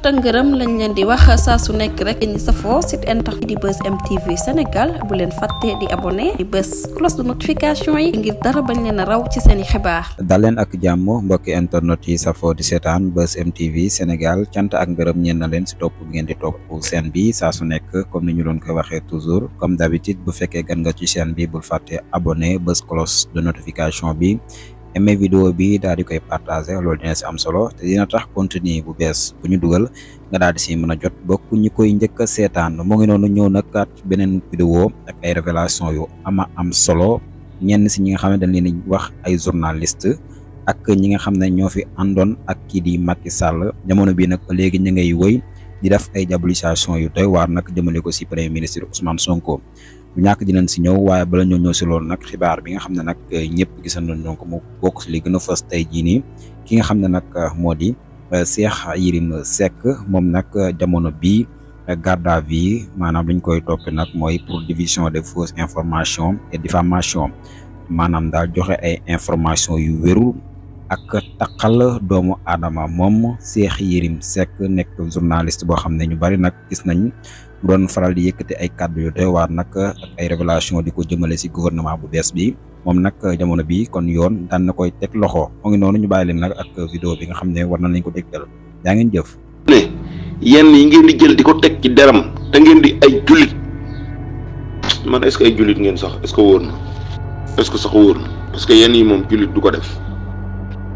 tëngërëm lañ leen di wax saa su nekk rek ñi safoo site internet di bës MTV Sénégal bu leen fàtte di abonné di bës cloche de notification yi ngir dara bañ leen a raw ci seen i xibaar. dal leen ak jàmm mbokki internet yi safoo di seetaan bës MTV Sénégal cant ak ngërëm ñeen na leen si topp bi ngeen di topp seen bi saa su nekk comme ni ñu doon koy waxee toujours comme d'habitude bu fekkee gan nga ci seen bi bul fàtte abonné bës cloche de notification bi. aimé vidéo bi daal di koy partager lolou dina si am solo te dina tax contenu bu bees bu ñu duggal nga daal di sini mëna jot bokk ñi koy ñëk sétan mo ngi nonu ñëw nak kat vidéo ak ay révélation yu ama am solo ñenn ci ñi nga xam dañ leen wax ay journaliste ak ñi nga ño fi andon ak ki di Macky Sall jamono bi nak légui ñi ngay woy di def ay jabulisation yu toy war nak jëmele ko ci premier ministre Ousmane Sonko. bu ñàkk dinañ si ñëw waaye bala ñoo ñëw si loolu nag xibaar bi nga xam ne nag eh, ñëpp gisandoon donc mu bokk si li gën a fës tey jii nii ki nga xam ne nag eh, moo di eh, Cheikh Yérim Seck moom nag jamono bii garde à maanaam li koy topp nag mooy pour division de fausses informations et diffamation maanaam daal joxe ay information yu wérul ak taqal doomu aadama moom Cheikh Yérim Seck nekk journaliste boo xam ne ñu bari nag gis nañ doon faral di yëkkati ay kàddu yu doy waar nag ak ay révélation di ko jëmale si gouvernement bu bees bi moom nag jamono bi kon yoon daan na koy teg loxo mu ngi noonu ñu bàyyi leen nag ak vidéo bi nga xam ne war na lañ ko dégtal yaa ngeen jëf. ne yenn yi ngeen di jël di ko teg ci deram te ngeen di ay julit man est-ce que ay julit ngeen sax est-ce que wóor na est-ce que sax wóor na parce que yenn yi moom julit du ko def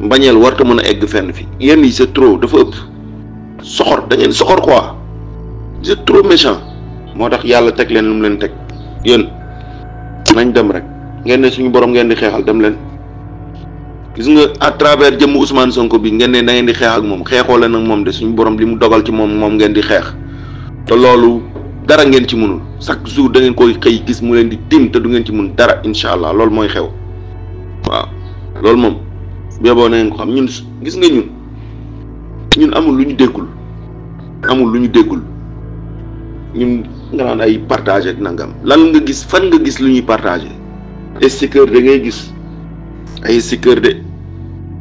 mbañeel warta mën a egg fenn fi yenn yi c'est trop dafa ëpp soxor da ngeen soxor quoi vous êtes trop méchant moo tax yàlla teg leen lu mu leen teg nañ dem rek ngeen ne suñu borom ngeen di xeexal dem leen gis nga à travers jëmm Ousmane Sonko bi ngeen ne na ngeen di xeex ak moom xeexoo leen ak moom de suñu borom li mu dogal ci mom moom ngeen di xeex te loolu dara ngeen ci mënul chaque jour da ngeen koy xëy gis mu leen di tim te du ngeen ci mën dara incha allah loolu mooy xew waaw loolu moom béboo na ngeen ko xam ñun gis nga ñun ñun amul lu ñu déggul amul lu déggul ñun nga naan ay partage ak nangam lan nga gis fan nga gis lu ñuy partage sticker da ngay gis ay sticker de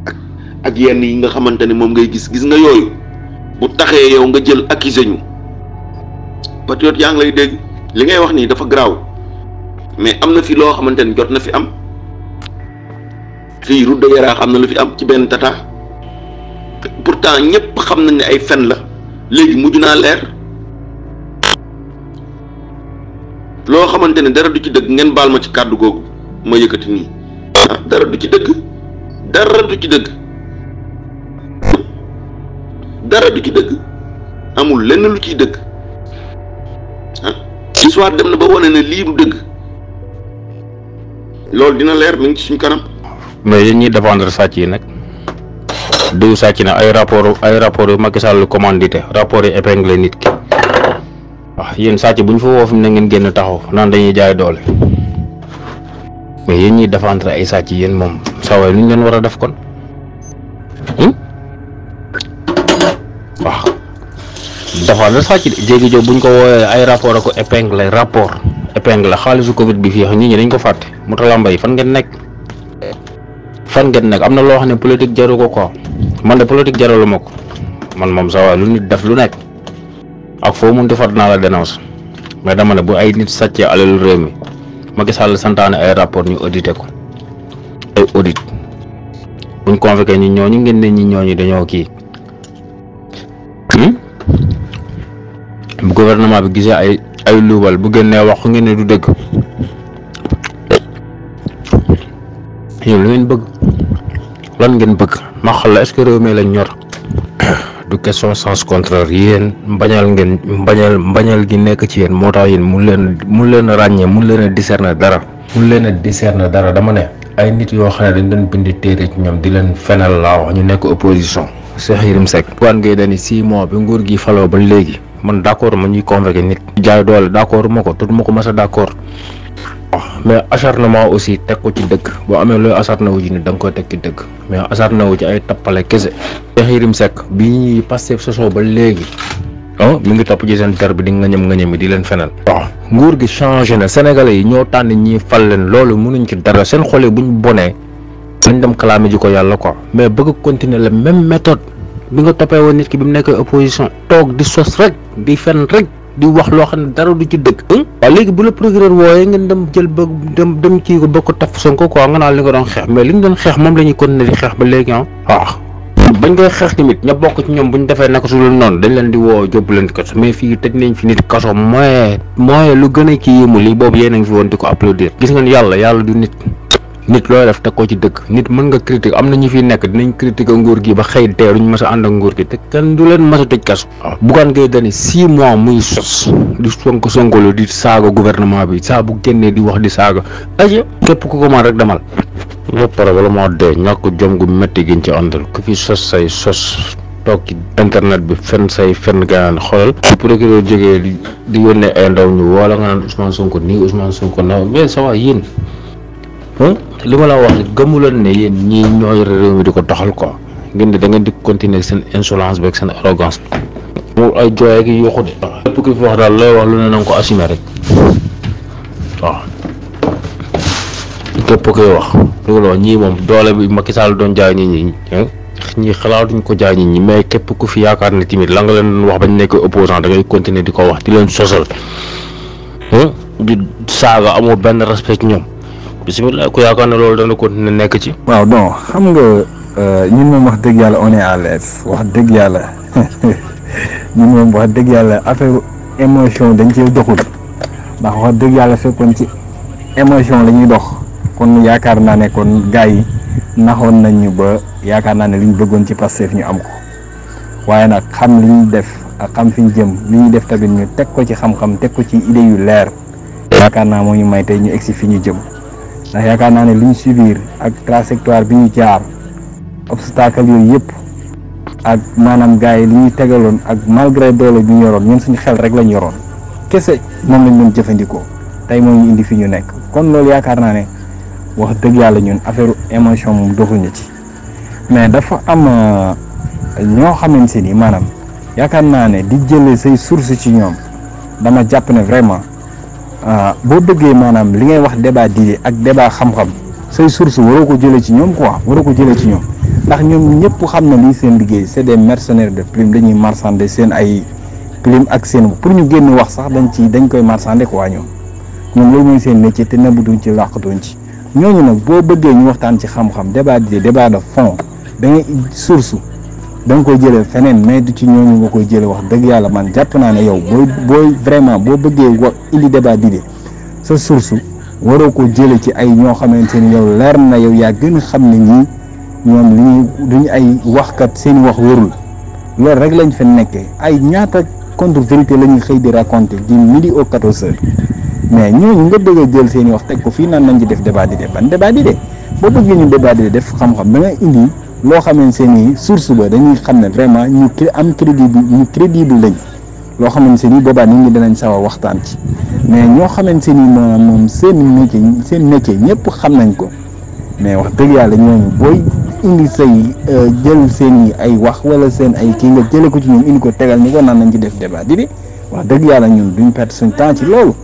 ak ak yenn yi nga xamantene mom ngay gis gis nga yoyu bu taxé yow nga jël accusé ñu patriote yang lay dégg li ngay wax ni dafa graw mais amna fi lo xamantene jot na fi am fi rudde yara xam na lu fi am ci ben tata pourtant ñepp xam nañ ni ay fen la légui mujuna leer loo xamante ne dara du ci dëgg ngeen baal ma ci kàddu googu ma yëkkati nii ah dara du ci dëgg dara du ci dëgg dara du ci dëgg amul lenn lu ciy dëgg ah histoire dem na ba wane ne lii mu dëgg loolu dina leer mi ci suñ kanam. mais ñuy ñiy défendre sàcc yi nag diw sàcc na ay rapport ay rapport yu Macky lu commandité rapport yi épinglé nit ki. waa ah, yéen sàcc bu ñu fa woo na ngeen génn taxaw naan dañuy jaay doole mais yéen ñiy défendre ay sàcc yéen moom saa waay lu ñu leen war a def kon hmm? waaw défendre sàcc de jéegi jo buñ ko woowee ay rapport ako épingle rapport épingle xaalisu Covid bi fii nit ñi dañ ko fàtte mu talamba yi fan ngeen nekk fan ngeen nekk am na loo xam ne politique jaru ko quoi man de politique jaraluma ko man moom saa lu nit def lu nekk. ak fo mu di na dinaa la dénonce mais dama ne bu ay nit sàccee alalu réew mi Macky Sall santane ay rapport ñu audité ko ay audit buñ convoqué ñi ñooñu ngeen ne ñi ñooñu dañoo ki hmm? bu gouvernement bi gisé ay ay luwal bu gene wax ngeen ne du deug yow lu ngeen bëgg lan ngeen bëgg ma xol la est-ce que réew mi lañ ñor du question sens contraire yéen mbañal ngeen mbañal mbañal gi nekk ci yéen moo tax yéen mun leen mun leen a ràññee mun leen a na dara mun leen a na dara dama ne ay nit yoo xam ne dañ doon bind téere ci ñoom di leen fenal laa wax ñu nekk opposition Cheikh Yérim Seck Bougane Gueye Dany six mois bi nguur gi faloo ba léegi man d'accord ma ñuy convoqué nit jaay doole d'accord ma ko tut ma ko mas a d'accord mais acharnement aussi teg ko ci dëgg boo amee looy acharné wu ji ni da nga koy teg ci dëgg mais acharné wu ci ay tappale kese. Cheikh Yérim Seck bi ñuy passé sosoo ba léegi ah mi ngi topp ci seen ter bi di nga ñëm nga ñëm yi di leen fenal. waaw nguur gi changé na sénégalais yi ñoo tànn ñii fal leen loolu mënuñ ci dara seen xole buñ bonee lañ dem kalaame ji ko yàlla quoi mais bëgg continuer la même méthode bi nga toppee woon nit ki bi mu nekk opposition toog di sos rek fen rek. di wax loo xam ne dara du ci dëgg waaw léegi bu la procureur wooyee ngeen dem jël ba dem dem kii ko ba ko taf Sonko quoi nga naan li nga doon xeex mais li ñu doon xeex moom la ñuy continuer di xeex ba léegi ah waaw bañ koy xeex tamit ña bokk ci ñoom bu ñu defee ko su dul noonu dañ leen di woo jóbbu leen kaso mais fii tëj nañ fi nit kaso mooy mooy lu gën a kii mu lii boobu yéen a ngi fi woon di ko applaudir gis ngeen yàlla yàlla du nit nit looy def teg ci deug nit man nga critique amna na ñu fi nek dinañ critique nguur gi ba xey dee duñ mësa and nguur gi te kan du leen mësa tej kasu bu ah. bugaan ngay dani 6 mois muy sos di sonko lo di saga gouvernement bi saa bu génnee di wax di saga aje kep ku ko ma rek demal nga pare wala moo dee ñàkk jom gu metti giñ ci andal ku fi sos say sos tok internet bi fenn say fenn gaan xoolal su procureur jógee di yone ay ndaw ñu wala nga naan Ousmane Sonko ni Ousmane Sonko naw mais sa yeen yéen lima la wax gëmuloon ne yeen ñi ñoy réew mi diko ko doxal ko ngeen da ngeen di continuer sen insolence bek sen arrogance. mu ay joye gi yu de. waaw lépp ki fi wax dal lay wax lu ne nang ko assumer rek waaw ko poké wax li lo ñi mom doole bi Macky Sall doon jaay ñi ñi xalaaw duñ ko jaay nit ñi mais képp ku fi yaakaar ne timit la nga leen wax bañ nekk opposant da ngay continuer diko ko wax di leen sosal di saga amo ben respect ñom bisimilah ku yaakaar ne loolu dana continuer nekk ci. waaw donc xam nga euh, ñun moom wax dëgg yàlla on est wax dëgg yàlla ñun moom wax dëgg yàlla affaire émotion dañ cee doxul ndax wax dëgg yàlla fekkoon ci émotion la ñuy dox kon yaakaar naa ne kon gars yi naxoon nañ ñu ba yaakaar naa ne li ñu bëggoon ci Pastef ñu am ko waaye nag xam li def ak xam fi ñu jëm li def tamit ñu teg ko ci xam-xam teg ko ci idée yu leer yaakaar naa moo ñu may tey ñu egsi fi ñu jëm. ndax yaakaar naa ne li ñu subir ak trajectoire bi ñu jaar obstacle yooyu yëpp ak maanaam gars yi li ñuy tegaloon ak malgré doole bi ñu yoroon ñoom suñu xel rek lañ yoroon kese moom lañ doon jëfandikoo tey moom ñu indi fi ñu nekk kon loolu yaakaar naa ne wax dëgg yàlla ñun affaire émotion moom doxuñu ci mais dafa am euh, ñoo seen ni maanaam yaakaar naa ne di jëlee say source ci ñoom dama jàpp ne vraiment Ah, boo bëggee maanaam li ngay wax débat diine ak débat xam-xam say source waroo ko jëlee ci ñoom quoi waroo ko jëlee ci ñoom ndax ñoom ñëpp xam na lii seen liggéey c'est des mercenaires de plume dañuy marchander seen ay plume ak seen pour ñu génn wax sax dañ ci dañ koy marsande ko waa ñoom ñoom loolu mooy seen métier te nëbbutuñ ci làqatuñ ci ñooñu nag boo bëggee ñu waxtaan ci xam-xam débat diine débat de fond dangay ngay source da nga koy jëlee feneen mais du ci ñooñu nga koy jëlee wax dëgg yàlla man jàpp naa ne yow booy booy vraiment boo bëggee wax ili débat bi de sa source waroo ko jëlee ci ay ñoo xamante ni yow leer na yow yaa gën a xam ne ñii ñoom li ñuy duñu ay waxkat seen wax warul loolu rek lañ fa nekkee ay ñaata contre vérité la ñuy xëy di raconter di midi au quatorze heures mais ñooñu nga bëgg jël seen wax teg ko fii naan nañ ci def débat di de ban débat di de boo bëggee ñu débat di def xam-xam da ngay loo xamante ni source ba dañuy xam ne vraiment ñu am crédible ñu crédible lañ loo xamante ni boobaa ni ñi danañ sawa waxtaan ci mais ñoo xamante ni maanaam moom seen métier seen métier ñëpp xam nañ ko mais wax dëgg yàlla ñooñu booy indi say euh, jël seen i ay wax wala seen ay kii nga jëlee ko ci ñoom indi ko tegal ni ko naan nañ ci def débat di di wax dëgg yàlla ñun duñ perte suñ temps ci loolu